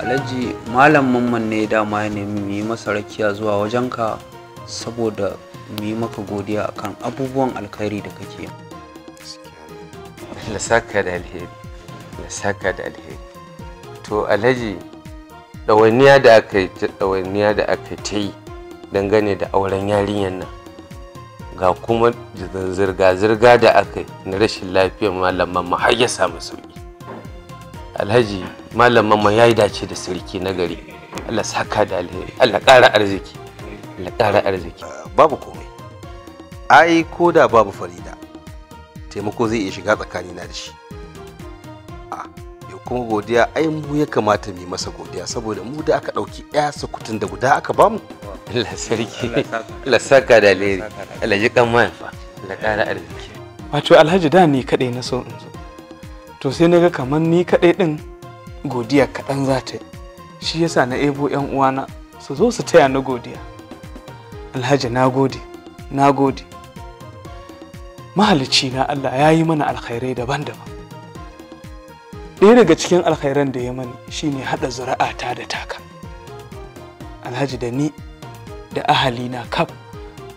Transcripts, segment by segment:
alhaji malam mamman ne dama ya nemi mu yi masa rakiya zuwa wajenka saboda mu yi maka godiya akan abubuwan alkhairi da kake Allah saka da alheri Allah saka da alheri to alhaji ɗawainiya da aka yi ɗawainiya da aka ta yi dangane da auren yarinyar nan ga kuma zirga-zirga da aka yi na rashin lafiyar malamman mu har ya samu sauki alhaji malam mamma ya yi dace da sarki na gari Allah saka da alheri Allah ƙara arziki Allah ƙara arziki babu komai ai ko da babu farida taimako zai iya shiga tsakanina da shi a yau kuma godiya ai mu ya kamata mu yi masa godiya saboda mu da aka ɗauki ɗaya sakutun da guda aka bamu Allah sarki Allah saka da alheri Allah ji kan mayafa Allah ƙara arziki wato alhaji da ni kaɗai na so in zo to sai na ga kamar ni kaɗai din. godiya kaɗan za ta yi shi yasa na ebo yan uwana su zo su taya na godiya alhaji na gode na gode mahalicci na allah ya yi mana alkhairai daban-daban ɗaya daga cikin alkhairan da ya mani shine haɗa ta da taka alhaji da ni da ahali na kaf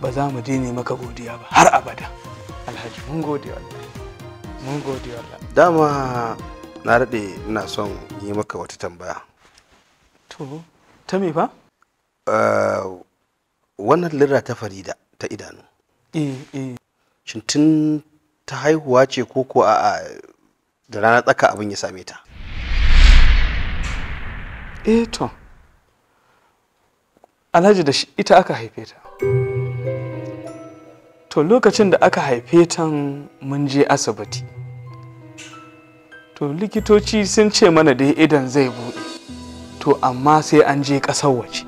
ba za mu daina maka godiya ba har abada alhaji mun gode wallahi mun gode wallahi dama na daɗe ina son yi maka wata tambaya to ta me fa eh, wannan lira ta farida ta idanu eh, eh. shin tun ta haihuwa ce ko ko a da rana tsaka abin ya same ta eh to alhaji da ita aka haife ta to lokacin da aka haife ta mun je asibiti to likitoci sun ce mana dai idan zai buɗe to amma sai an je ƙasar waje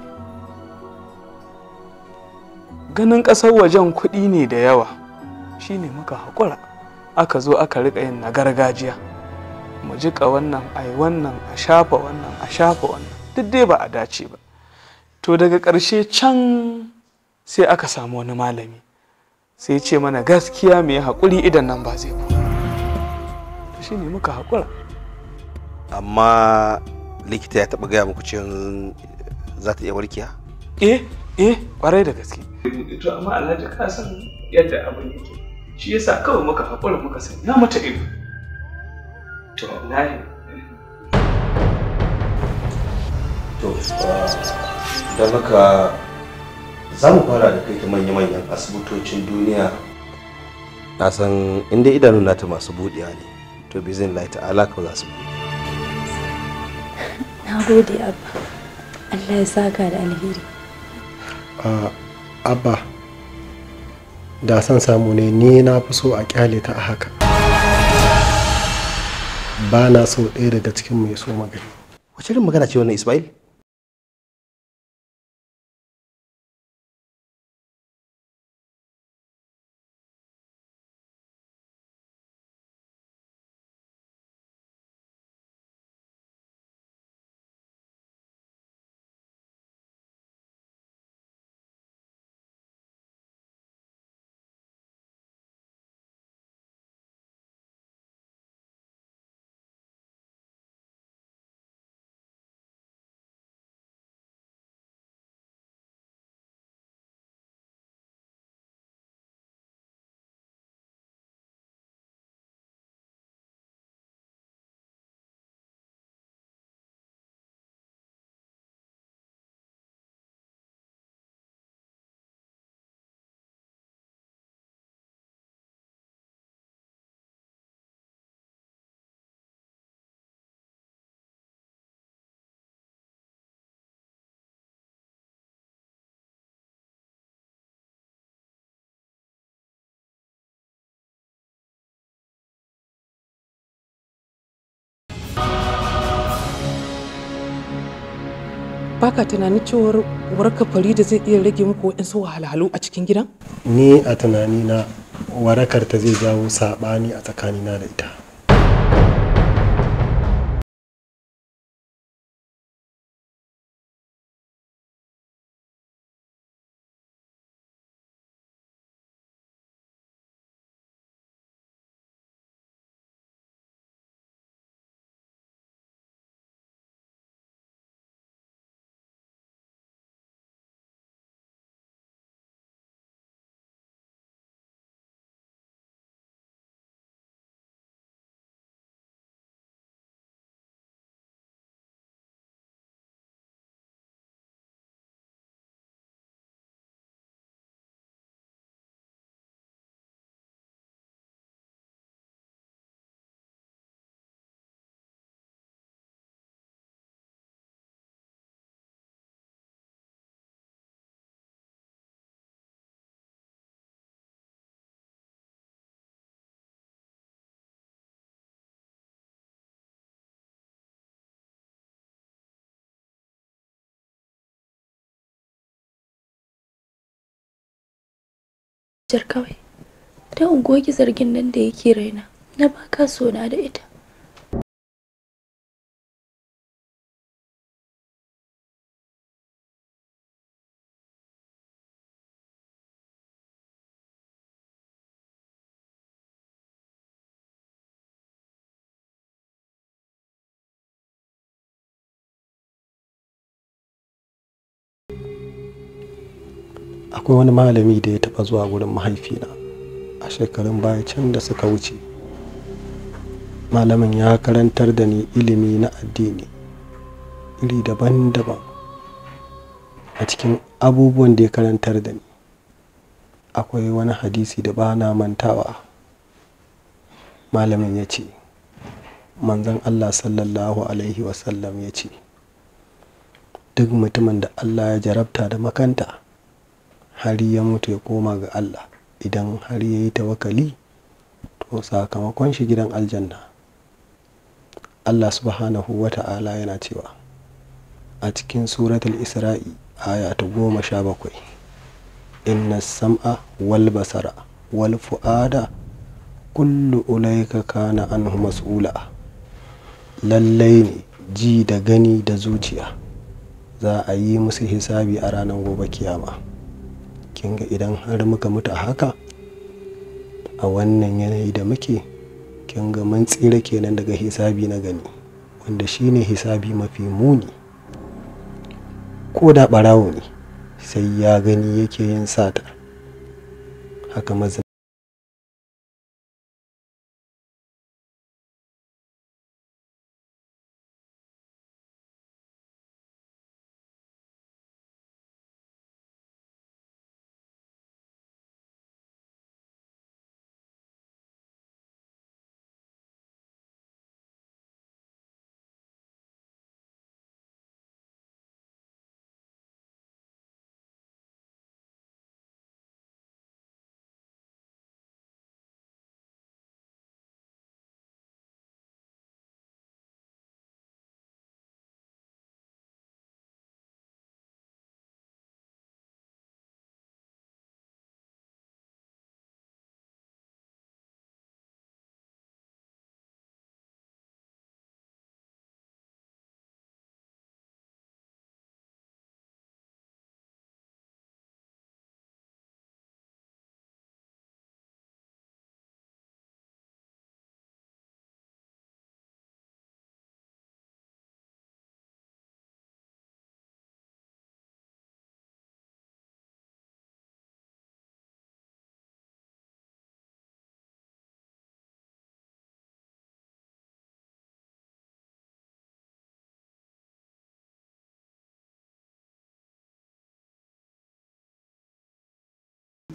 ganin ƙasar wajen kuɗi ne da yawa shine muka haƙura aka zo aka riƙa yin na gargajiya mu jiƙa wannan ai wannan a shafa wannan a shafa wannan duk dai ba a dace ba to daga ƙarshe can sai aka samu wani malami sai ce mana gaskiya mai haƙuri idan nan ba zai buɗe shi ne muka haƙura amma likita ya taɓa gaya muku cin za ta iya warkiya eh eh ƙwarai da gaske to amma alhaji ka san yadda abin yake shi yasa kawai muka haƙura muka na mata ido to wallahi to don muka za mu fara da kai ta manya-manyan asibitocin duniya na san inda idanu nata masu buɗewa ne to be zin lai ala ka za su na gode abba allah ya saka da alheri abba da san samu ne ni na fi so a kyale ta a haka ba na so ɗaya daga cikin mai so magani wace magana ce wannan ismail baka tunanin cewar warka da zai iya rage muku waɗansu wahalhalu a cikin gidan? ni a tunanina warakar ta zai jawo saɓani a tsakanina da ita jar kawai ta unguwa zargin nan da yake raina na baka sona da ita akwai wani malami da ya taba zuwa gurin mahaifina a shekarun baya can da suka wuce malamin ya karantar da ni ilimi na addini iri daban-daban a cikin abubuwan da ya karantar da ni akwai wani hadisi da bana mantawa malamin ya ce manzon allah sallallahu alaihi wasallam ya ce duk mutumin da allah ya jarabta da makanta har ya mutu ya koma ga Allah idan har ya yi tawakali to sakamakon shi gidan aljanna Allah subhanahu wa ta'ala yana cewa a cikin suratul isra'i aya ta goma sha bakwai inna sam'a wal basara wal fu'ada kullu ulaika kana anhu mas'ula lallai ne ji da gani da zuciya za a yi musu hisabi a ranar gobe kiyama. kinga idan har muka mutu a haka a wannan yanayi da muke kin ga mun tsira kenan daga hisabi na gani wanda shine hisabi mafi muni ko da ɓarawo ne sai ya gani yake yin sata haka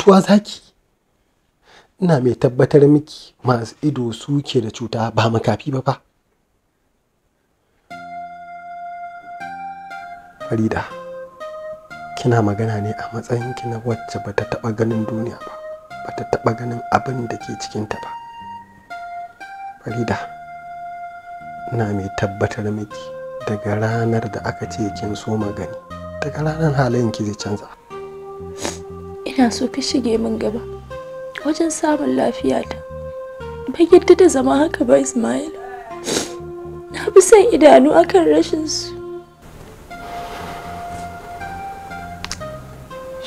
mutuwa zaki ina mai tabbatar miki masu ido suke da cuta ba makafi ba fa farida kina magana ne a matsayinki na wacce ba ta taɓa ganin duniya ba ba ta taɓa ganin abin da ke cikinta ba farida ina mai tabbatar miki daga ranar da aka ce kin so magani daga ranar halayen ki zai canza ina so ka shige min gaba wajen samun lafiyata ba yadda da zama haka ba ismail na fi son idanu akan rashin su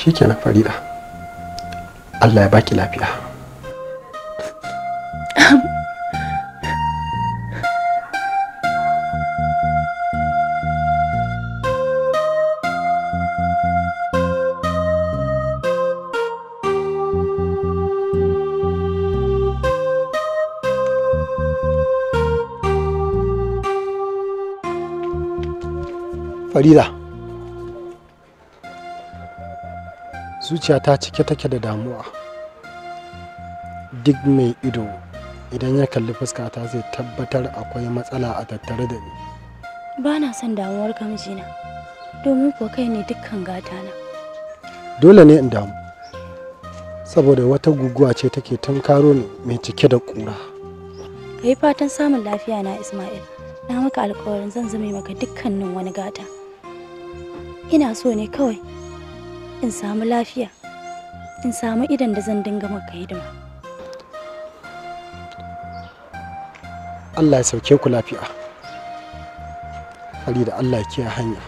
shikenan farida allah ya baki lafiya farida zuciyata cike take da damuwa duk mai ido idan ya kalli fuskata zai tabbatar akwai matsala a tattare da ni ba na son damuwar na, domin kuwa kai ne dukkan gatana dole ne in damu saboda wata guguwa ce take tunkaro ni mai cike da ƙura ka yi fatan samun lafiya na ismail na maka alkawarin zan zame maka dukkanin wani gata ina so ne kawai in samu lafiya in samu idan da zan dinga maka hidima Allah ya sauke ku lafiya Ali da Allah ya kiyaye hanya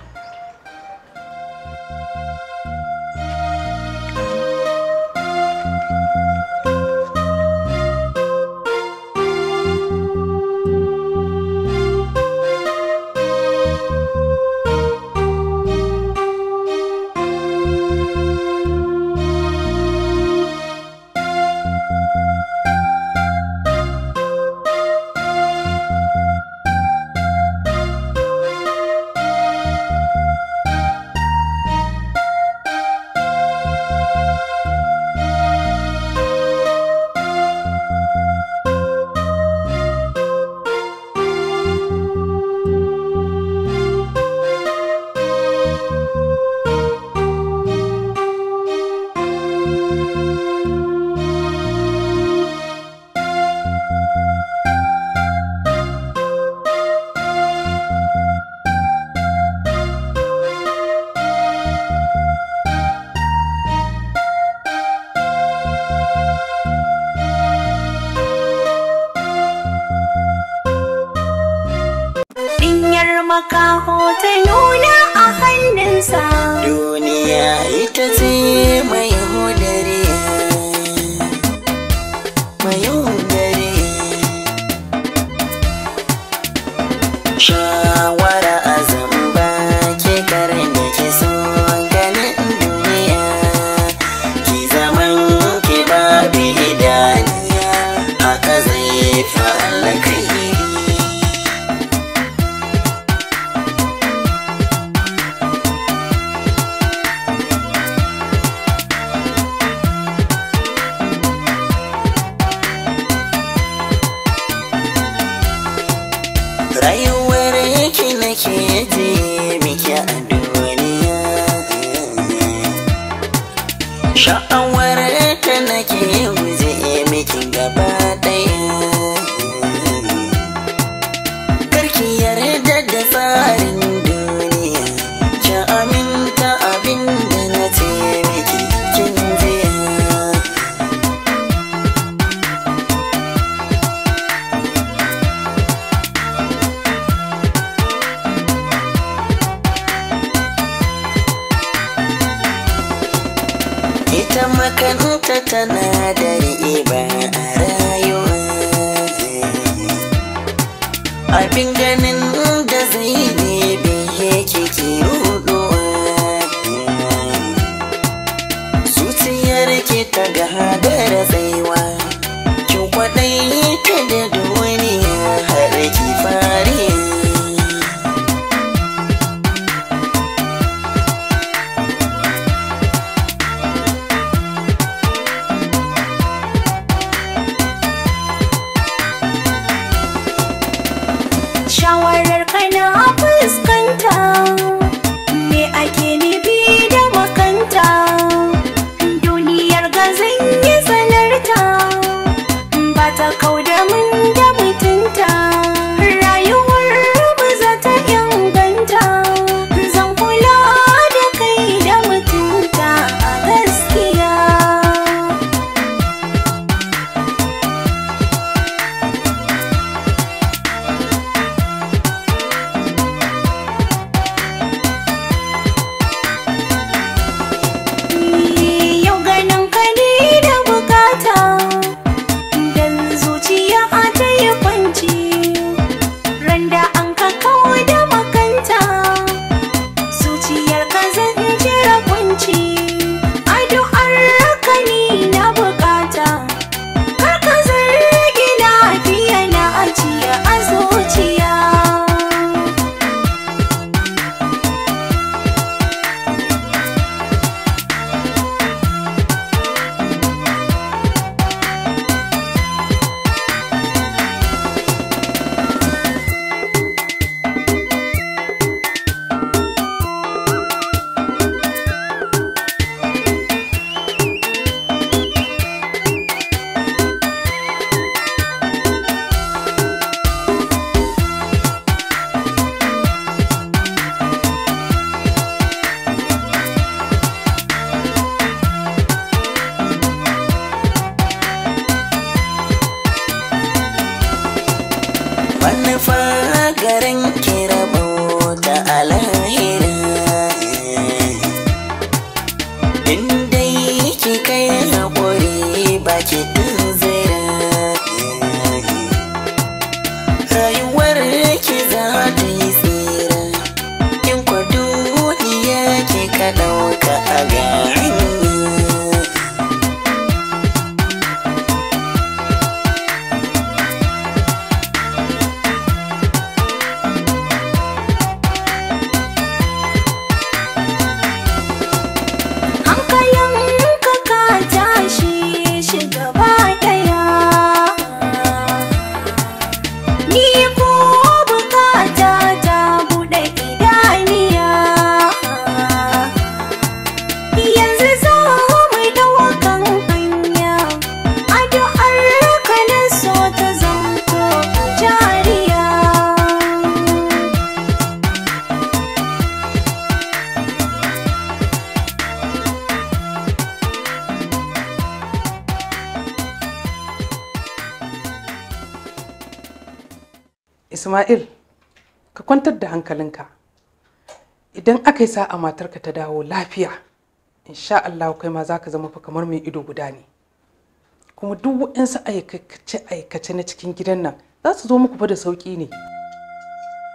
makaho ta nuna a hannunsa duniya ita ce mai hudare rayuwar ki za ta yi tsira in kwa duniya ki ka ɗauka a ga. hankalinka idan aka yi sa'a matarka ta dawo lafiya insha Allah kai ma zaka zama fa kamar mai ido guda ne kuma duk waɗansu aikace aikace na cikin gidan nan za su zo muku fa da sauƙi ne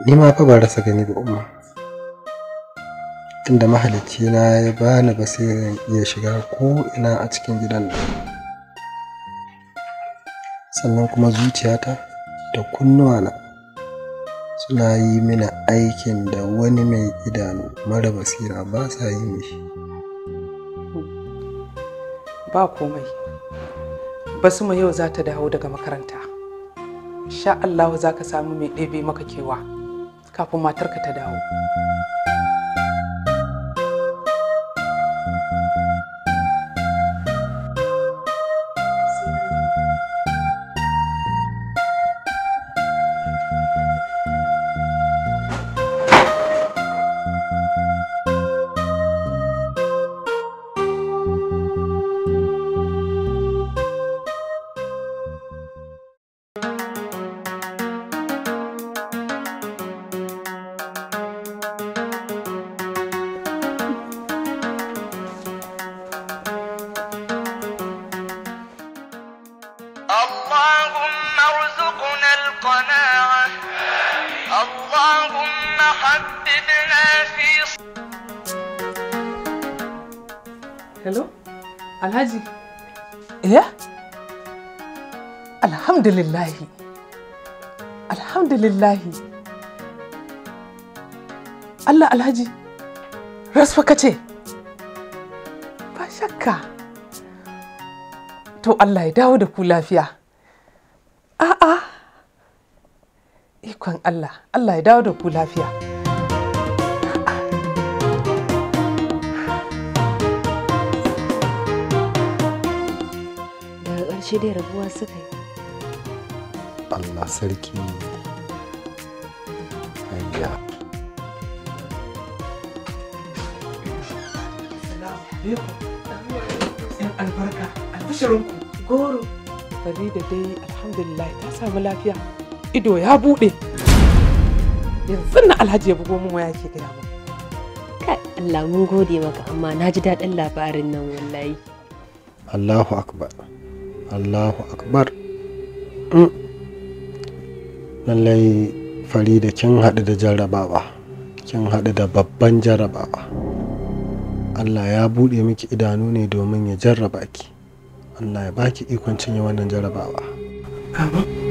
ni ma fa ba rasa gani ba umma tunda mahalicci na ya bani basirin iya shiga ko ina a cikin gidan nan sannan kuma zuciyata da kunnuwana suna yi mini aikin da wani mai idanu mara basira ba sa yi mishi ba komai basuma yau za ta dawo daga makaranta sha Allah za ka samu mai ɗebe maka kewa kafin matarka ta dawo alhamdulillahi alhamdulillahi Allah alhaji rasfa ka ce ba shakka to Allah ya dawo da ku lafiya a'a ikon Allah Allah ya dawo da ku lafiya daga ƙarshe dai rabuwa suka yi Allah sarki ayya yan albarka albishirinku goro farida dai alhamdulillah ta samu lafiya ido ya bude yanzu na alhaji ya bugo mun waya ke gaya min kai Allah mun gode maka amma na ji daɗin labarin nan wallahi Allahu akbar Allahu akbar mm. lallai farida kin haɗu da jarrabawa kin haɗu da babban jarrabawa allah ya buɗe miki idanu ne domin ya jarraba ki allah ya baki ikon cinye wannan jarrabawa. Amin.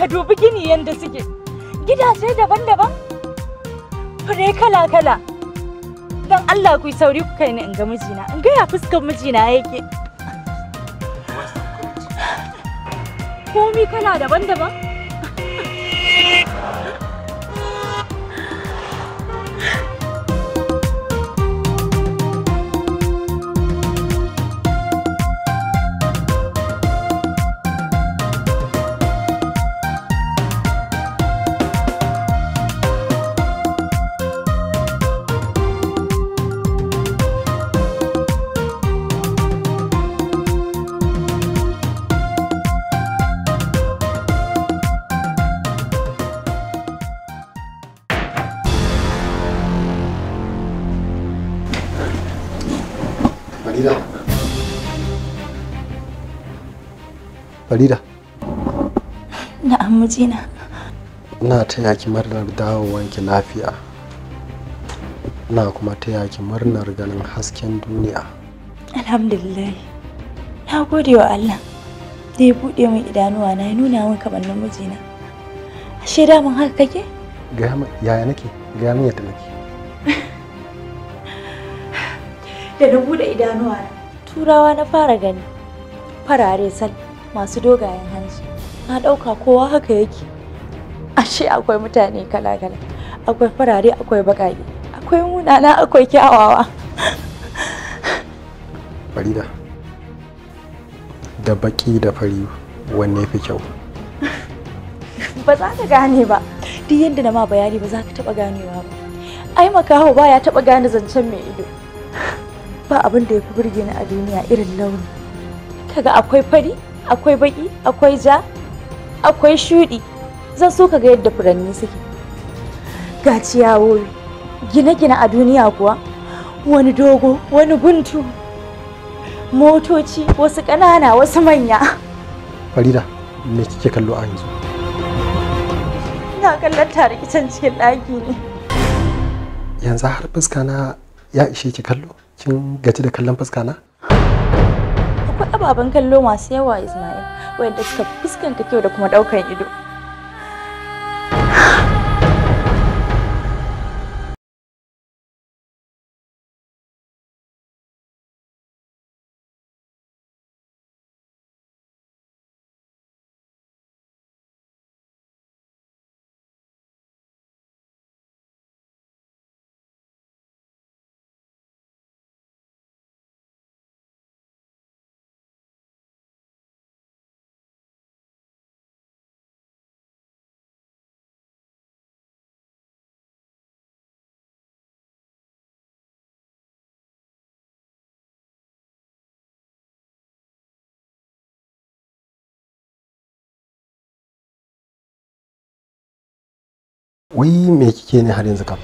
ka dubi gini yadda suke gidaje daban-daban fure kala-kala don Allah ku sauri ku kai ni in ga mijina in gaya fuskar mijina yake komi kala daban-daban mijina ina taya ki murnar dawowanki lafiya ina kuma taya ki murnar ganin hasken duniya alhamdulillah na gode wa allah da ya buɗe min idanuwa na ya nuna min kamannin mijina ashe mun haka kake gaya yaya nake gaya min yadda nake da na buɗe idanuwa na turawa na fara gani farare sal masu dogayen hanci na ɗauka kowa haka yake ashe akwai mutane kala-kala akwai farare akwai baƙaƙe akwai munana akwai kyawawa farida da baƙi da fari wanne fi kyau ba za ka gane ba duk yadda na ma bayani ba za ka taɓa ganewa ba ai makaho ba ya taɓa gane zancen mai ido ba abin da ya fi burge ni a duniya irin launi kaga akwai fari akwai baƙi akwai ja akwai shuɗi zan so ka ga yadda furanni suke ga ciyawo gine-gine a duniya kuwa wani dogo wani guntu motoci wasu ƙanana wasu manya farida me kike kallo a yanzu ina kallon tare cikin ɗaki ne yanzu har fuska na ya ishe ki kallo kin gaji da kallon fuska na akwai ababen kallo masu yawa ismail wanda suka fuskanta kyau da kuma ɗaukan ido wai me kike ne har yanzu kam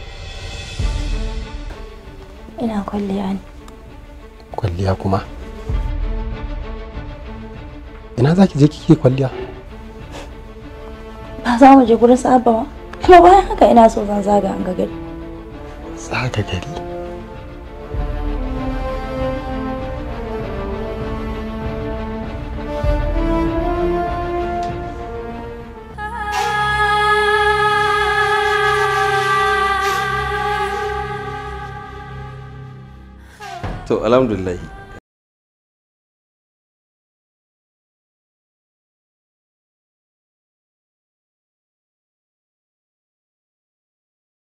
ina kwalliya ne kwalliya kuma ina za ki je kike kwalliya ba za mu je gurin sabawa kuma bayan haka ina so zan zaga an ga gari zaga gari to alhamdulillah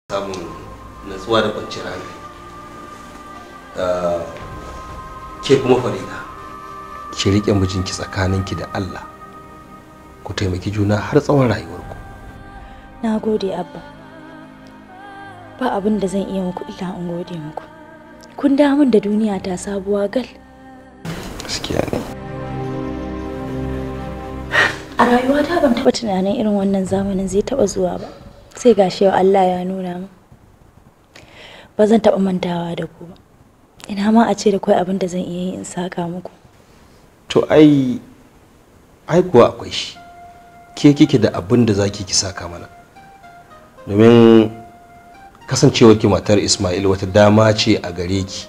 samun natsuwa da kwanciyar hankali ah, ke kuma farida ki riƙe mijinki tsakaninki da Allah ku taimaki juna har tsawon rayuwarku na gode abba ba abin da zan iya muku illa in gode muku kun damun da duniya ta sabuwa gal gaskiya ne a rayuwata ban taɓa tunanin irin wannan zamanin zai taɓa zuwa ba sai gashi yau Allah ya nuna min ba zan taɓa mantawa da ku ba ina ma a ce da kai abin da zan iya yi in saka muku to ai ai kuwa akwai shi ke kike da abin da zaki ki saka mana domin kasancewar ki matar Ismail wata dama ce a gare ki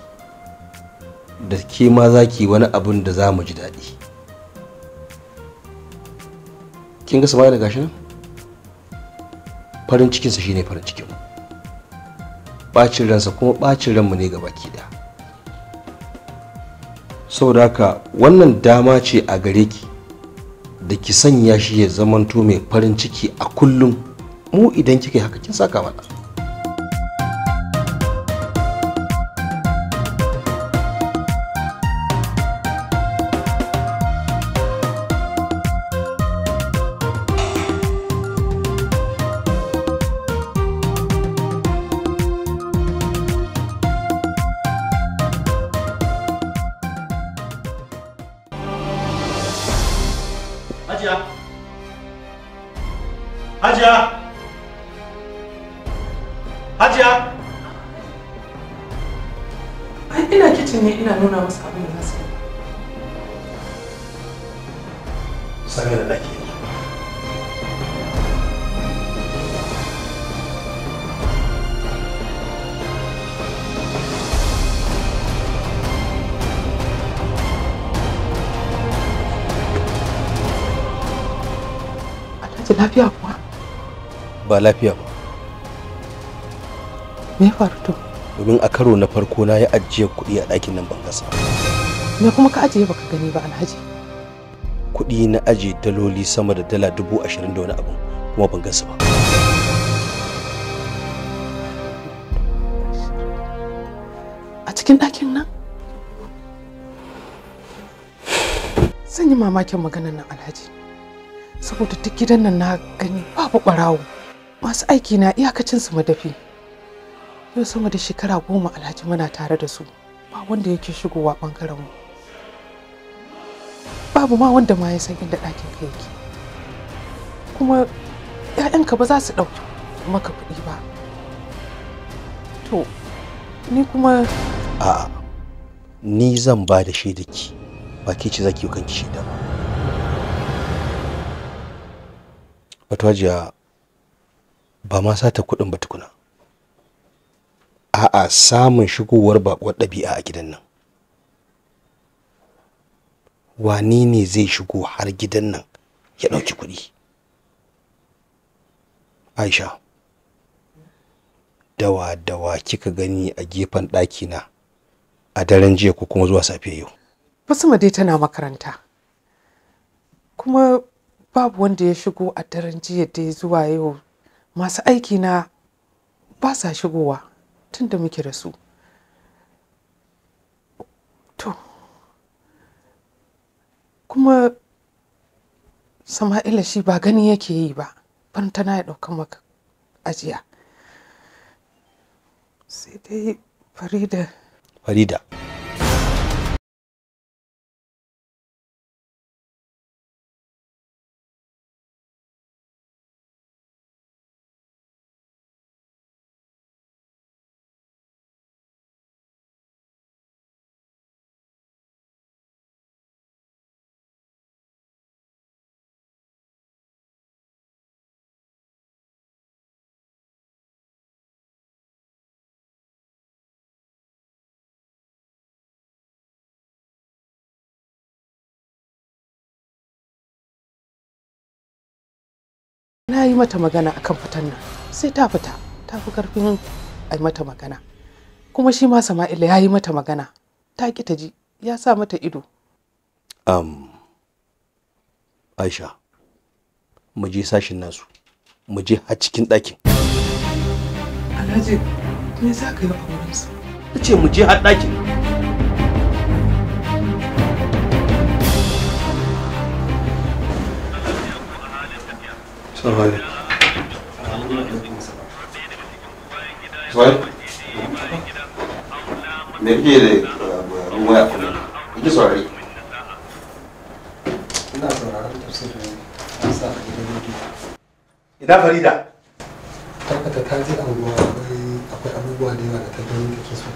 da ke ma za ki wani abin da za mu ji daɗi kin ga Sama'ila gashi nan farin cikinsa shine farin cikin bacin ransa kuma bacin ranmu ne ga baki da saboda haka wannan dama ce a gare ki da ki sanya shi ya zamanto mai farin ciki a kullum mu idan kika yi haka kin saka mana lafiya ba me faru to domin a karo na farko na yi ajiyar kuɗi a ɗakin nan ban gasa me kuma ka ajiye baka gani ba alhaji kuɗi na ajiye daloli sama da dala dubu ashirin da wani abu kuma ban gasa ba a cikin ɗakin nan zan yi mamakin maganar nan alhaji saboda duk gidan nan na gani babu ɓarawo masu aiki na iyakacin su madafi yau sama da shekara goma alhaji muna tare da su ba wanda yake shigowa bangaren mu babu ma wanda ma ya san inda ɗakin ka yake kuma ‘ya'yanka ba za su ɗauki maka kuɗi ba to ni kuma a'a ni zan ba da shi ki ba ke ce za ki yi kanki da ba wato hajiya ba ma sata kuɗin ba tukuna a'a samun shigowar baƙuwar ɗabi'a a gidan nan wani ne zai shigo har gidan nan ya ɗauki kuɗi aisha dawa dawa kika gani a gefen ɗakina a daren jiya ko kuma zuwa safe yau basma dai tana makaranta kuma babu wanda ya shigo a daren jiya dai zuwa yau masu aiki na ba sa shigowa tun da muke da su to kuma sama'ila shi ba gani yake yi ba ban tana ya ɗaukan maka ajiya sai dai farida farida na yi mata magana a kan fitan nan sai ta fita ta fi karfin a mata magana kuma shi ma sama'ila ya yi mata magana ta ki ta ji ya sa mata ido um, aisha mu je sashin nasu mu je har cikin ɗakin alhaji me za ka yi a wurinsa ce mu je har ɗakin Salam alaikum. Suwaye? Me kike da ruwan kuma? Kike saurari? Ina sauraron tafsirin a Ina Farida? Tabbata ta je anguwa akwai abubuwa da yawa da ta gani take so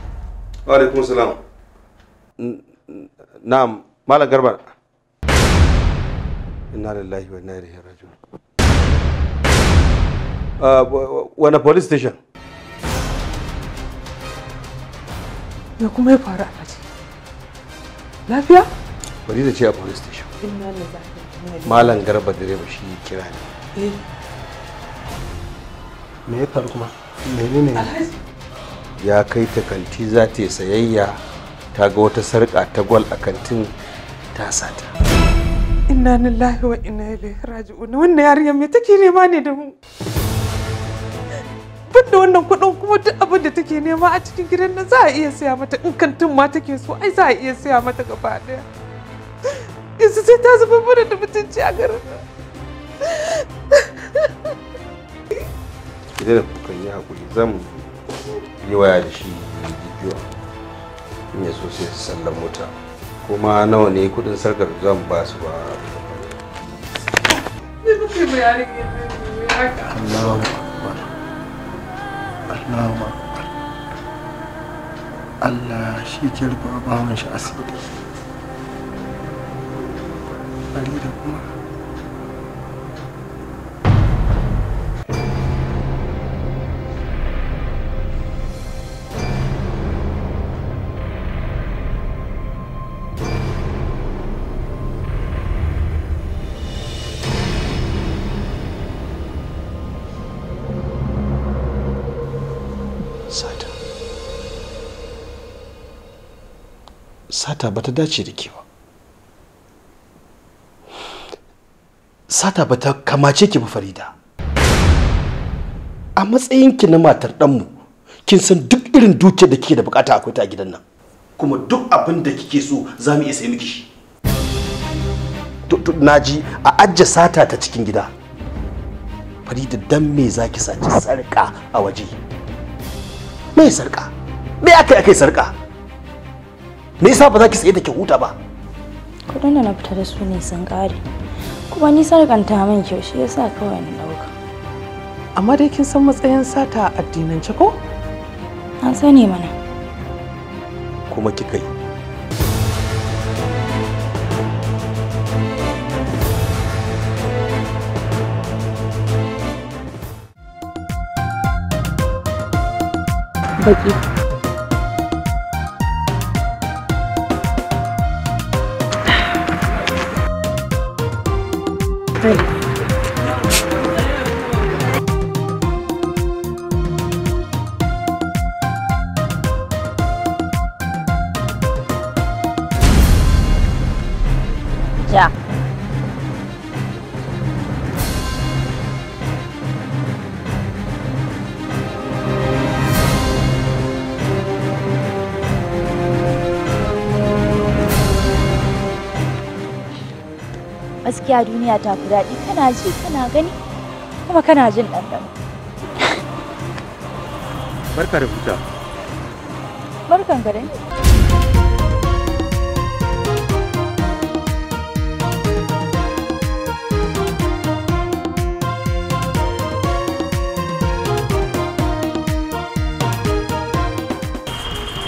wa salam na'am malam garba inna lillahi wa inna ilaihi raji'un uh, wani police station me kuma ya fara a kaji lafiya bari da ce a police station malam garba direba shi kira ne eh. me ya faru kuma menene ne ya kai ta kanti za ta sayayya ta ga wata sarƙa ta gwal a kantin ta sata. Inna lillahi wa inna ilaihi raji'un wannan yarinyar me take nema ne da mu? Banda wannan kuɗin kuma duk abin da take nema a cikin gidan nan za a iya siya mata in kantin ma take so ai za a iya siya mata gaba ɗaya. Yanzu sai ta zuba mana da mutunci a garin nan. Idan kukan yi haƙuri zamu yi waya da shi bidiyo in ya so sai su sallan mota kuma nawa ne kudin sarkar zan ba su ba Allahumma Allahumma Allah shi ke rufe ba shi asiri. Bari da kuma sata ba ta dace da ke ba sata ba ta kamace ki ba farida a matsayinki na matar ɗanmu kin san duk irin dukiyar da kike da bukata akwai ta a gidan nan kuma duk abin da kike so za mu iya sai miki shi naji a ajje sata ta cikin gida farida dan me zaki sace sarka a waje me sarka me akai akai sarka me yasa ba za ki tsaye da ki huta ba kudin da na fita da su ne sun kare kuma ni sarkanta min kyau shi yasa kawai na dauka amma dai kin san matsayin sata a addinance ko an sani mana kuma kika yi baki 对 gaskiya duniya ta fi daɗi kana ji kana gani kuma kana jin ɗanɗano barka da huta barkan ka dai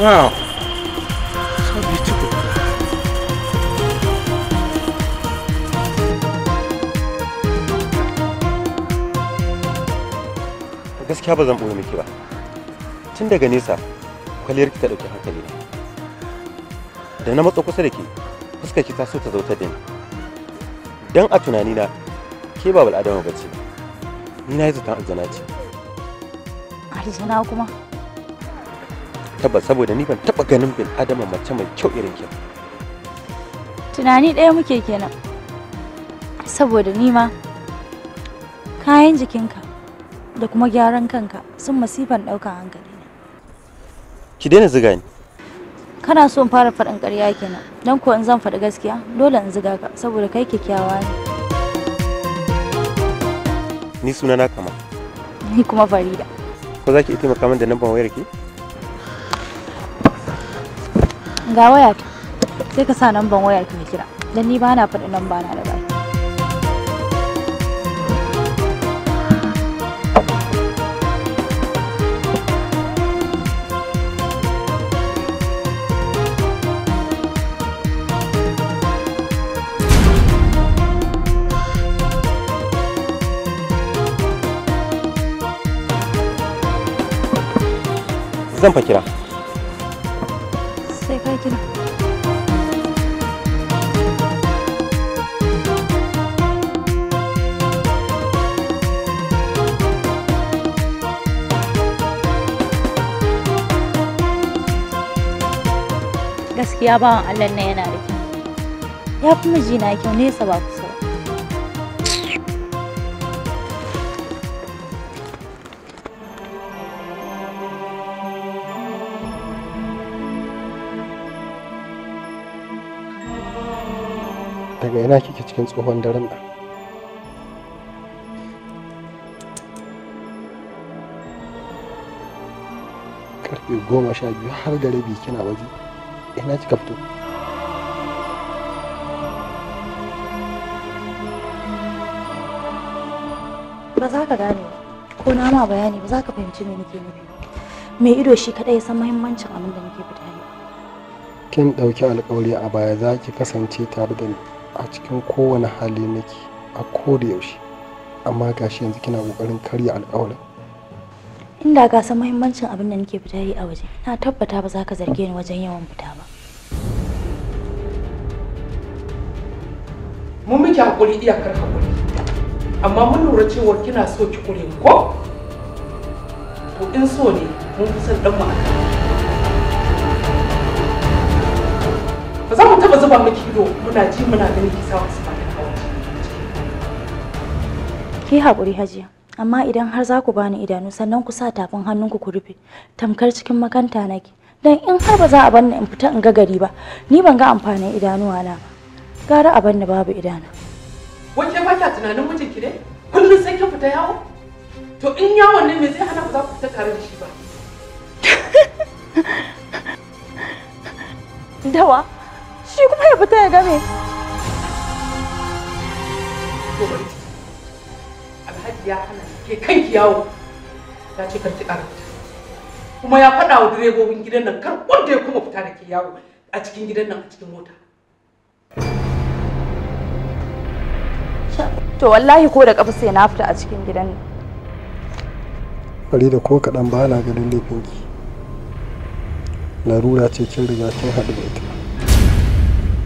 Wow. gaskiya ba zan ɓoye miki ba tun daga nesa kwaliyar ki ta ɗauki hankali ne da na matsa kusa da ke fuskar ki ta so ta zautar da ni dan a tunanina ke ba bal'adama adama bace ni na yi zaton aljana ce aljana kuma tabbas saboda ni ban taɓa ganin bin adama mace mai kyau irin ki tunani ɗaya muke kenan saboda ni ma kayan jikinka da kuma gyaran kanka sun masifan ɗaukan hankali ne. Ki daina ziga ni. Kana so in fara faɗin ƙarya kenan, don ko in zan faɗi gaskiya dole in ziga ka saboda kai kyakkyawa ne. Ni suna na kama. Ni kuma Farida. Ko za ki iya taimaka min da lambar wayar ki? Ga wayata, sai ka sa lambar wayar ne kira, don ni ba na faɗi namba na da baki. zan fa kira sai ka kira gaskiya bawan Allah na yana da kyau ya fi mijina kyau nesa ba kusa daga ina kike cikin tsohon daren ba karfe goma sha biyu har da rabi kina waje ina kika fito ba za ka gane ko na ma bayani ba za ka fahimci me nake nufi mai ido shi kadai ya san muhimmancin abin da nake fita kin ɗauki alkawari a baya za ki kasance tare da ni a cikin kowane hali nake a koda yaushe amma gashi yanzu kina kokarin karya alƙawarin inda ga san muhimmancin abin da nake fita yi a waje na tabbata ba za ka zarge ni wajen yawan fita ba mun miki hakuri iyakar hakuri amma mun lura cewa kina so ki kure ko to in so ne mun fi son dan mu taɓa zuba miki ido muna ji muna ganin ki sa wasu mata kawai. Ki haƙuri hajiya. Amma idan har za ku bani idanu sannan ku sa tafin hannunku ku rufe tamkar cikin makanta nake. Dan in har ba za a banna in fita in ga gari ba, ni ban ga amfanin idanuwa na ba. Gara a banna babu idana. Wace ba ta tunanin ki dai Kullum sai ki fita yawo? To in yawon ne me zai hana ku za ku fita tare da shi ba? Dawa, shi kuma ya fita ya game alhaji ya hana ke yawo ya ce kuma ya faɗa wa direbobin gidan nan kar wanda ya kuma fita da ke yawo a cikin gidan nan a cikin mota to wallahi ko da ƙafa sai na fita a cikin gidan nan da ko kaɗan ba na ganin laifinki larura ce kin riga kin haɗu da ita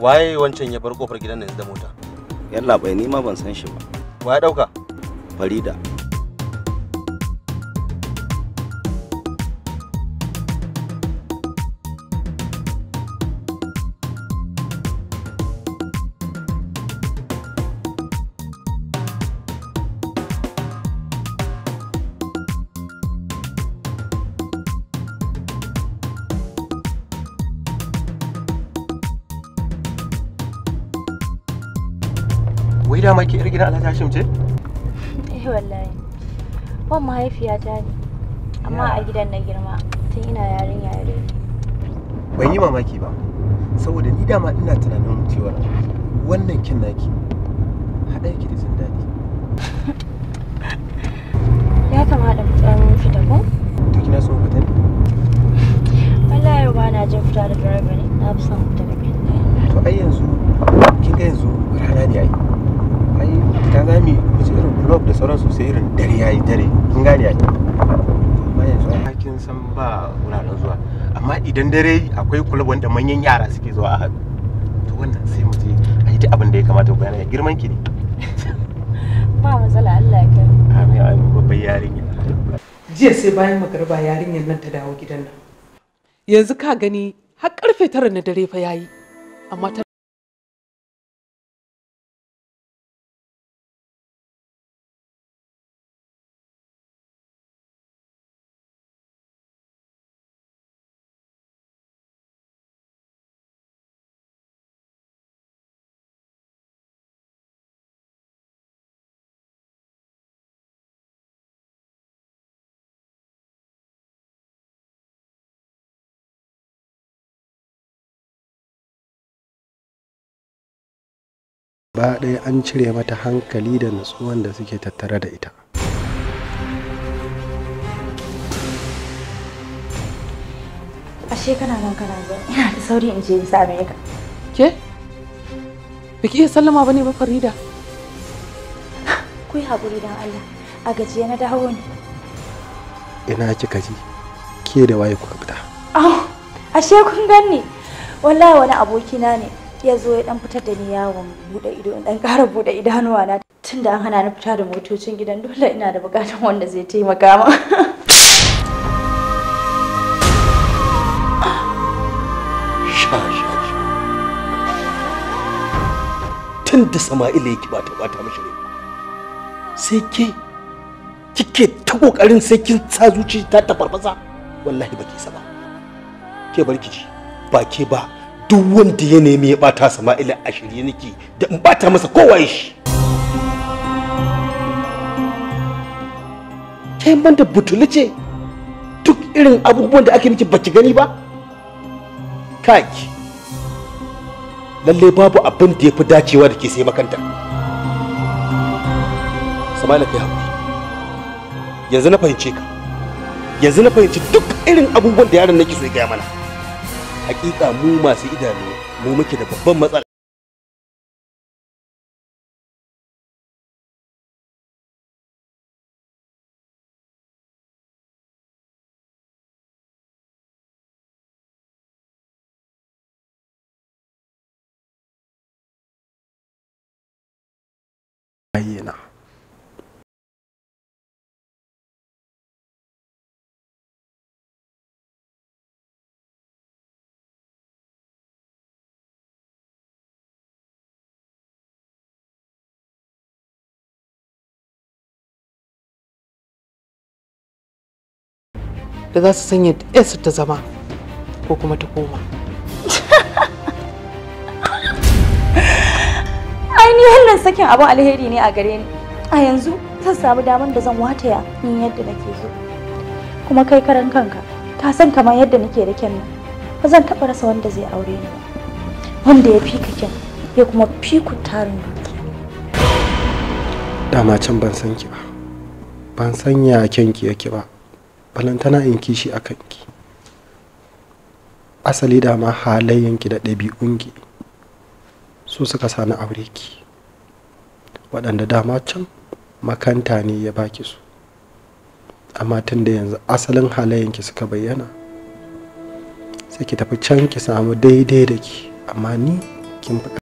waye wancan ya bar kofar gidan nan da mota Yallaɓai, ni ma ban san shi ba ya ɗauka? farida gidan Alhaji Hashim ce? Eh wallahi. Wan mahaifiyata ne. Amma a gidan na girma tun ina yarinya yare. Ban yi mamaki ba. Saboda ni dama ina tunanin cewa wannan kin naki haɗa yake da jin daɗi. Ya kamata mu tsan fita ko? To kina so fita ne? Wallahi ba na jin fita da driver ne. Na fi son fita To ai yanzu kin ga yanzu rana ne ai. fita za mu wuce irin blog da sauransu sai irin dare ya yi dare kin gane ya amma yanzu hakin san ba wuraren zuwa amma idan dare akwai club wanda manyan yara suke zuwa a haɗu to wannan sai mu je a yi duk abin da ya kamata ku ya girman ki ne ba matsala Allah ya kai amin amin babban yarinya jiya sai bayan magarba yarinyar nan ta dawo gidan nan yanzu ka gani har karfe tara na dare fa yayi amma gaba ɗaya an cire mata hankali da nutsuwan da suke tattare da ita ashe kana nan kana ina da sauri in je bisa america ke biki iya sallama bane ba farida ku yi haƙuri don allah a gajiya na dawo ne ina kika ji ke da waye kuka fita ashe kun ganni wallahi wani abokina ne ya zo ya dan fitar da ni yawon bude ido in dan kara bude idanuwa na tun da an hana ni fita da motocin gidan dole ina da bukatar wanda zai taimaka min tun da sama'ila yake bata bata mishi ne sai ke kike ta kokarin sai kin sa zuci ta ta farfasa wallahi baki saba ke barki ji ba ke ba duk wanda ya nemi ya bata sama'ila a shirye nake da in bata masa ya shi kai man da butulu ce duk irin abubuwan da ake miki baki gani ba kaki lalle babu abin da ya fi dacewa da ke sai makanta sama'ila kai haƙuri yanzu na fahimce ka yanzu na fahimci duk irin abubuwan da yaron nake so ya gaya mana hakika mu masu idanu mu muke da babban matsala da za su sanya su ta zama ko kuma ta koma ainihin wannan sakin abin alheri ne a gare ni a yanzu zan samu damar da zan wataya ni yadda nake so kuma kai karan kanka ka san kamar yadda nake da kyan nan ba zan taɓa rasa wanda zai aure ni wanda ya fi ka kyan ya kuma fi ku tarin doki dama can ban san ki ba ban san ya kyan ki yake ba balantana in kishi a kanki asali da ma halayyanki da ɗabi'unki su suka sani aure ki waɗanda dama can makanta ne ya baki su amma tun da yanzu asalin halayyanki suka bayyana sai ki tafi can ki samu daidai da ki amma ni kin fi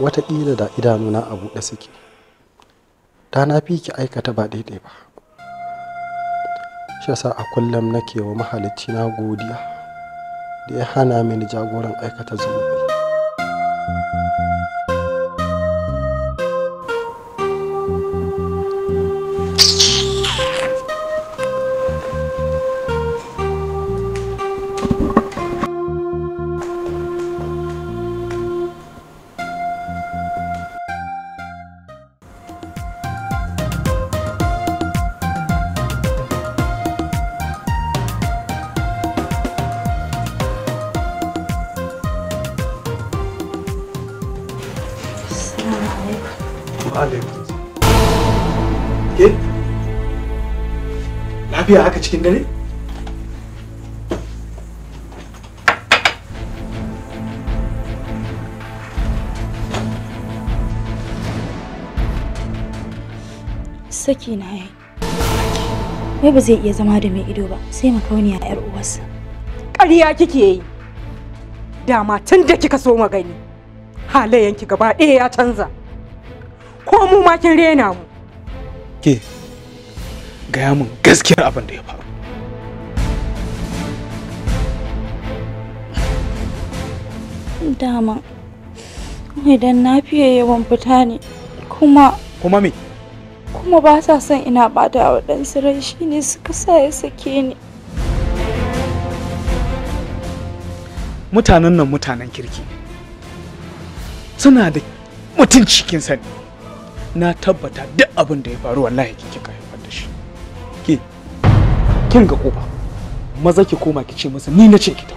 wataƙila da idanuna a buɗe suke da na fi ki aikata ba daidai ba shasa yasa a kullum nake wa mahalicci na godiya da ya hana mini jagoran aikata zunubi cikin dare saki na yi wai ba zai iya zama da mai ido ba sai makauniya yar uwarsa ƙarya kike yi dama tun da kika so magani halayenki gaba ɗaya ya canza ko mu ma kin rena mu gaya min gaskiyar abin da ya faru dama idan na fiye yawan fita ne kuma kuma me kuma ba sa son ina bata wa dan sirai ne suka sa ya sake ni mutanen nan mutanen kirki suna da mutunci kin sani na tabbata duk abin da ya faru wallahi kike kai ke kin ga maza ki koma ki ce masa ni na ce ki ta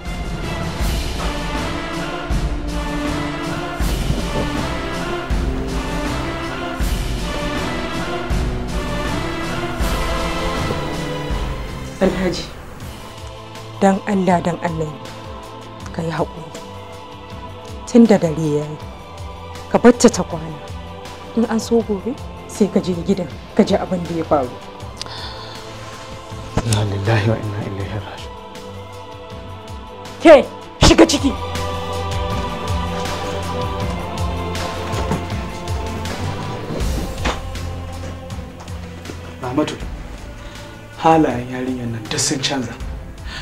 Alhaji dan Allah dan Allah ka yi haƙuri tun da dare ya yi ka bacce ta kwana in an so gobe sai ka je gidan ka ji abin da ya faru Inna lillahi wa inna ilaihi raji'un. Ke shiga ciki. Ahmadu halayen yarinyar nan duk sun canza.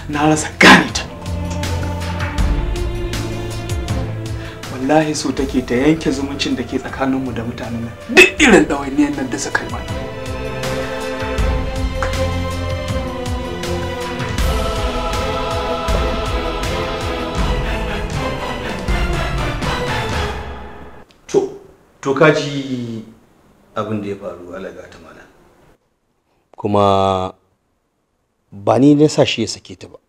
Na rasa gane ta. Wallahi so take ta yanke zumuncin da ke tsakaninmu da mutanen nan duk irin ɗawainiyar nan da suka yi to kaji abin da ya faru ga ta mana kuma ba ni na sa shi ya sake ta ba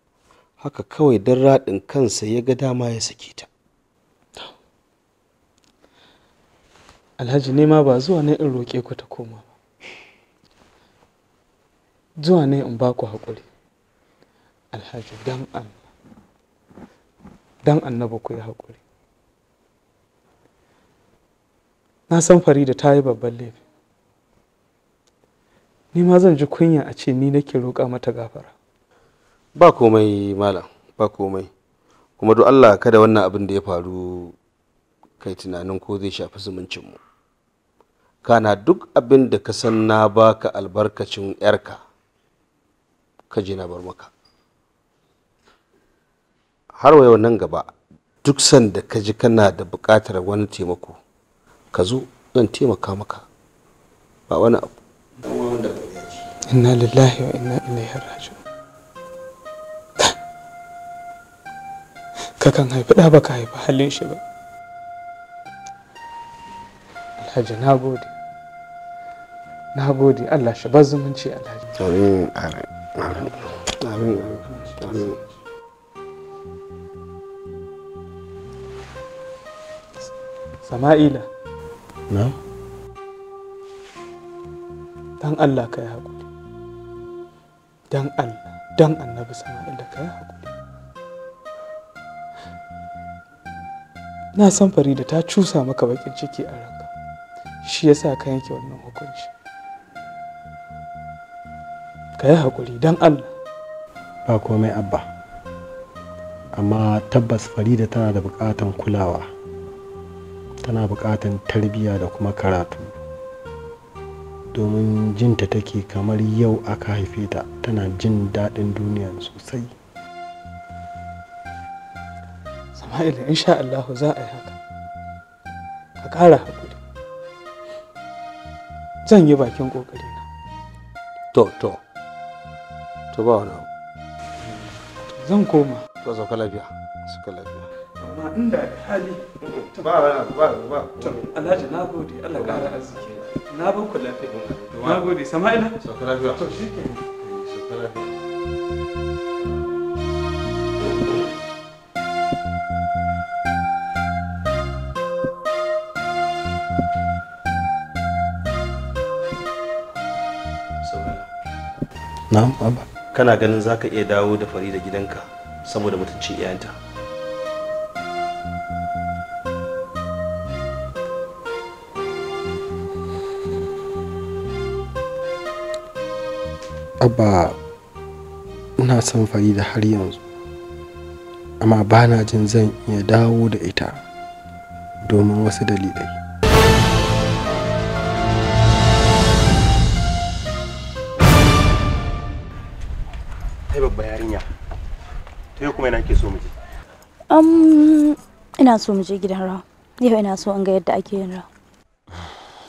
haka kawai dan raɗin kansa ya ga dama ya sake ta alhaji nema ba zuwa ne in roƙe ku ta koma ba zuwa ne in ba ku haƙuri alhaji dan allah dan annabi ku yi haƙuri na san farida ta yi babban laifi ni ma zan ji kunya a ce ni nake roƙa mata gafara ba komai malam ba komai kuma duk allah kada wannan abin da ya faru kai tunanin ko zai shafi zumuncinmu kana duk abin da ka san na baka albarkacin yarka ka je na bar maka har wayo nan gaba duk sanda ka ji kana da buƙatar wani taimako ka zo zan taimaka maka ba wani abu inna lillahi wa inna ilaihi raji'un kakan haifi ɗa baka haifi halin shi ba alhaji na gode na gode allah shi bar zumunci alhaji amin amin sama'ila na don Allah ka yi haƙuri dan Allah dan annabi da ka yi haƙuri na san farida ta cusa maka bakin ciki a ranka shi yasa ka yanke wannan hukunci ka yi haƙuri don allah ba komai abba amma tabbas farida tana da buƙatan kulawa tana buƙatar tarbiyya da kuma karatu domin jinta take kamar yau aka haife ta tana jin daɗin duniya sosai sama'ila insha Allah za a yi haka ka ƙara haƙuri zan yi bakin ƙoƙari na to to to ba wani zan koma to lafiya su lafiya amma inda hali to ba wani ba ba to alhaji na gode Allah ƙara arziki na ba ku lafiya na gode sama'ila sauka lafiya to shi ke eh, sauka lafiya Na'am, Kana ganin za ka iya dawo da Farida gidanka saboda mutuncin iyayenta? Abba ina son Farida har yanzu, amma ba na jin zan iya dawo da ita domin wasu dalilai. Ai babba yarinya, to yi kuma ina ke so mu je? Um, ina so mu je gidan ra Yau ina so an ga yadda ake yin ra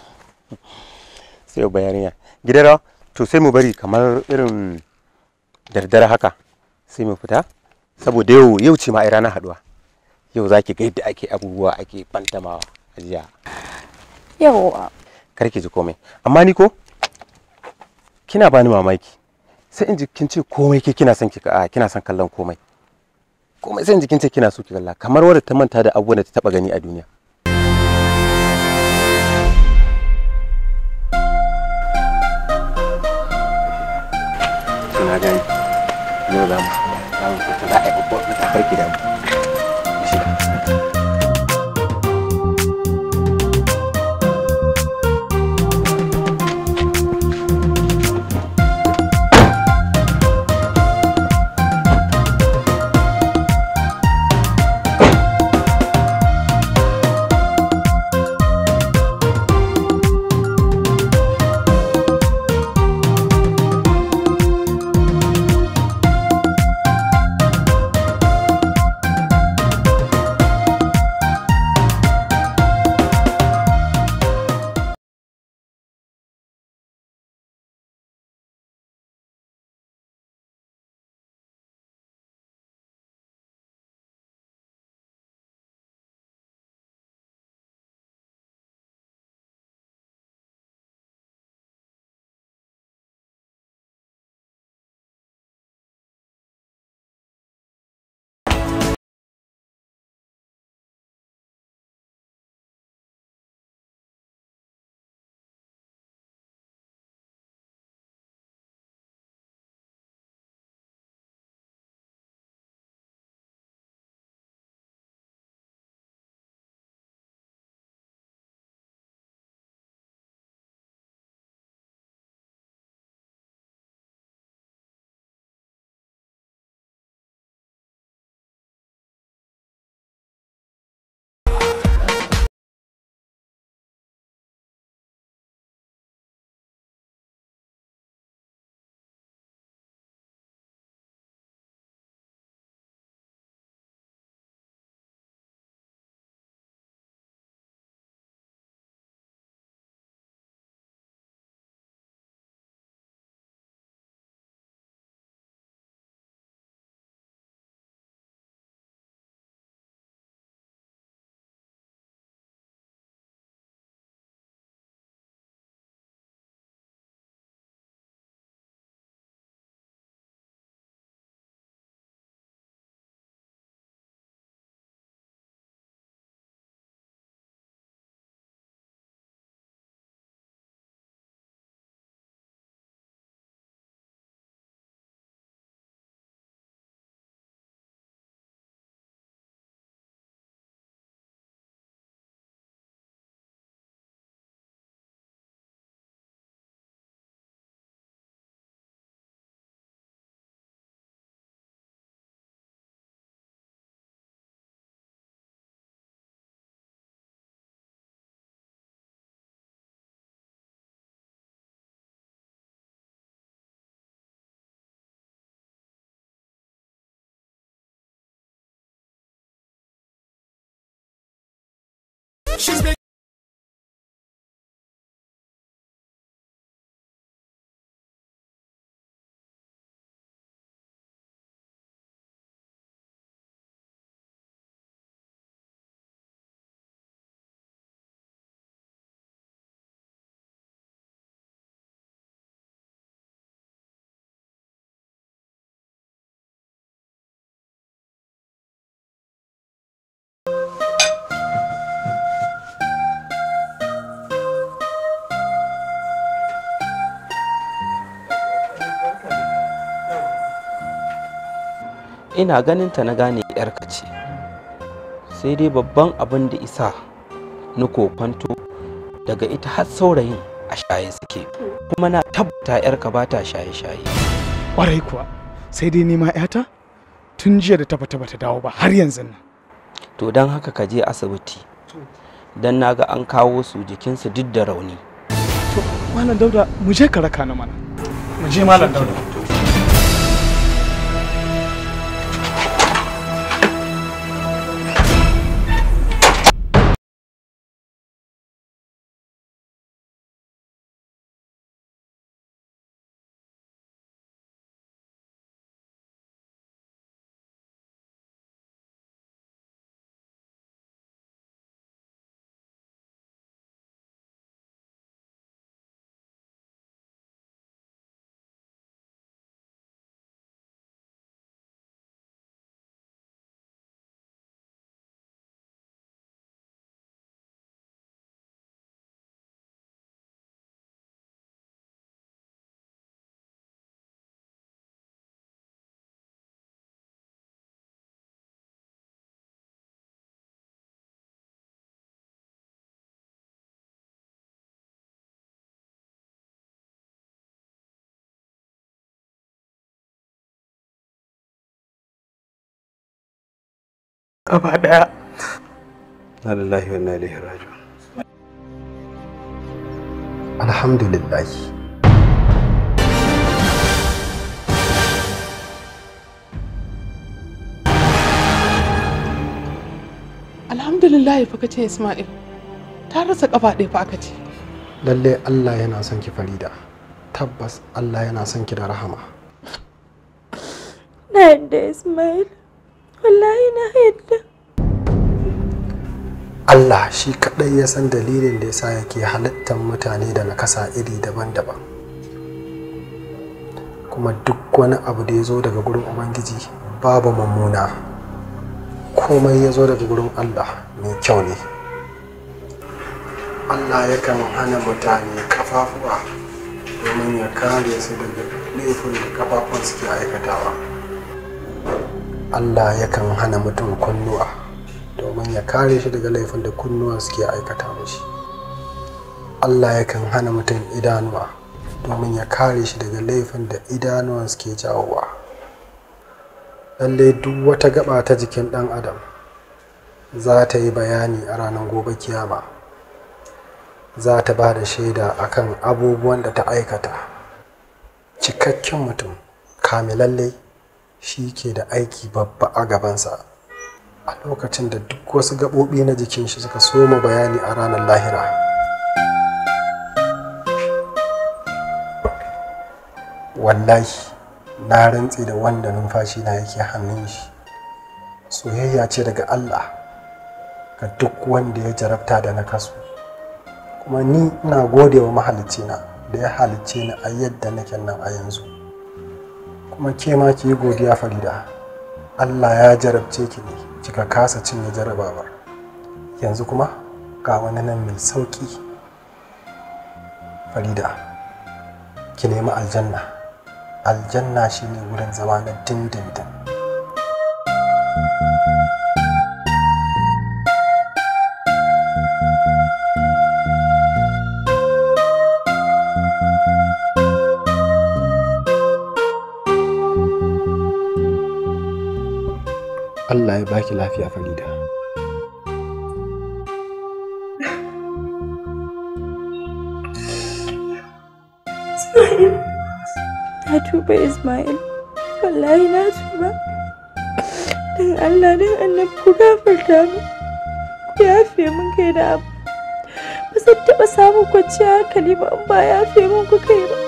Sai babba yarinya, gidan ra to sai mu bari kamar irin dardara haka sai mu fita saboda yau yau ce ma ai ranar haduwa yau zaki ga yadda ake abubuwa ake fantamawa ajiya yau karki ji komai amma ni ko kina bani mamaki sai in ji kin ce komai ke kina son kika kina son kallon komai komai sai in ji kin ce kina so ki kalla kamar wadda ta manta da abubuwan da ta taba gani a duniya Nah yau za mu za mu fita za a yi babbar She's been ina ganin ta na gane yarka ce sai dai babban abin da isa ni kofanto daga ita har saurayin a shaye suke kuma na tabbata yarka ba ta shaye-shaye ƙwarai kuwa sai dai nema yata tun jiya da tabbata bata dawo ba har yanzu nan to don haka ka je asibiti don na ga an kawo su jikinsu duk da rauni to malam dauda mu je ka raka na mana mu je malam dauda gaba daya na lillahi wa inna ilaihi raji'un alhamdulillah alhamdulillah fa kace Ismail ta rasa kafa ɗaya fa aka ce lalle Allah yana son ki Farida tabbas Allah yana son ki da rahama na yadda Ismail wallahi na yadda Allah shi kaɗai ya san dalilin da yasa yake halittar mutane da nakasa iri daban-daban kuma duk wani abu da ya zo daga gurin ubangiji babu mummuna komai ya zo daga gurin Allah mai kyau ne Allah ya kan hana mutane kafafuwa domin ya kare su daga laifin da kafafun suke aikatawa. Allah yakan hana mutum kunnuwa domin ya kare shi daga laifin da kunnuwan suke aikata mishi Allah yakan hana mutum idanuwa domin ya kare shi daga laifin da idanuwan suke jawowa lallai duk wata gaba ta jikin ɗan adam za ta yi bayani a ranar gobe kiyama za ta ba da shaida akan abubuwan da ta aikata cikakken mutum kame lallai. shi ke da aiki babba a gabansa a lokacin da duk wasu gaɓoɓi na jikin shi suka soma bayani a ranar lahira wallahi na rantse da wanda numfashi na yake hannun shi soyayya ce daga allah ga duk wanda ya jarabta da na kasu kuma ni ina gode wa mahalicci na da ya halicce ni a yadda nake nan a yanzu kuma ma ki yi godiya farida allah ya jarabce ki ne kika kasa cinye jarabawar yanzu kuma ga wani nan mai sauki farida ki nemi aljanna aljanna shine wurin zama na dindindin Allah ya baki lafiya Farida. Na tuba Ismail, wallahi na tuba. Don Allah don annabi ku gafarta mu, ku yafe mun kai da abu. Ba zan taɓa samun kwanciyar hankali ba in ba yafe mun ku kai ba.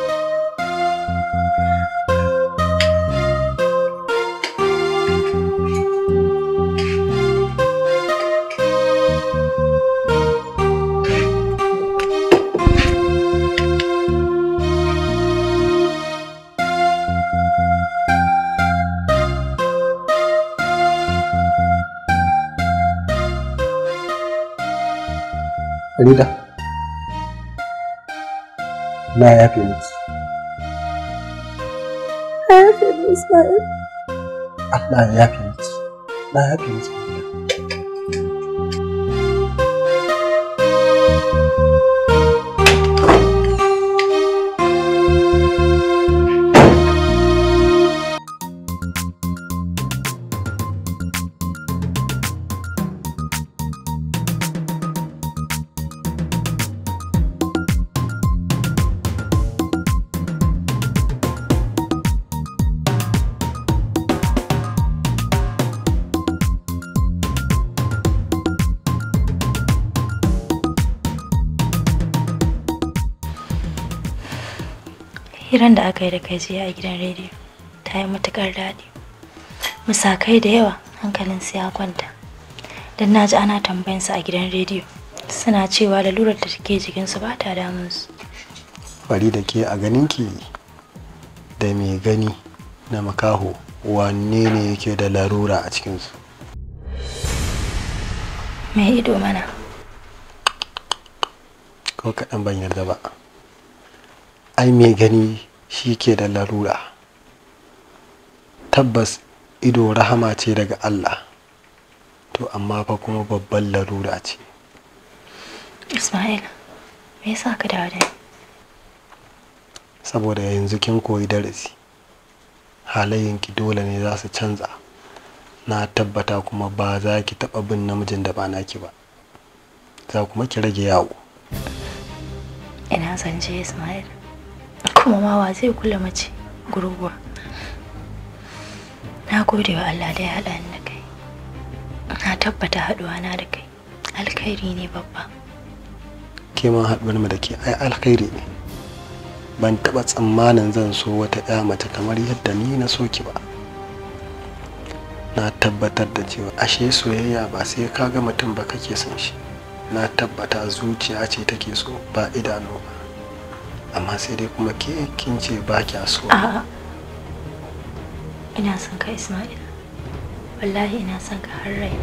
Ah, my happiness. My happiness, Na ya fi mutu. Allah ya hiran da aka yi da kai jiya a gidan rediyo ta yi matukar daɗi musakai da yawa hankalin su ya kwanta don na ji ana su a gidan rediyo suna cewa da lalurar da take jikinsu ba ta damunsu bari da ke a ganinki da mai gani na makaho wanne ne yake da larura a cikinsu mai ido mana ko kaɗan ban yarda ba ai mai gani shi ke da larura tabbas ido rahama ce daga allah to amma fa kuma babban larura ce ismail me yasa ka dawo da saboda yanzu kin koyi darasi ki dole ne za su canza na tabbata kuma ba za ki taɓa bin namijin da ba naki ba za kuma ki rage yawo ina zan je ismail kuma ma wa zai kula mace gurguwa na gode wa Allah da ya haɗa ni da kai na tabbata haɗuwa na da kai alkhairi ne babba ke ma haɗuwar mu da ke ai alkhairi ne ban taɓa tsammanin zan so wata ƴa mace kamar yadda ni na so ki ba na tabbatar da cewa ashe soyayya ba sai ka ga mutum ba kake son shi na tabbata zuciya ce take so ba idanu ba amma sai dai kuma ke kin ce ba kya so a'a ina son ka Ismail wallahi ina son ka har rai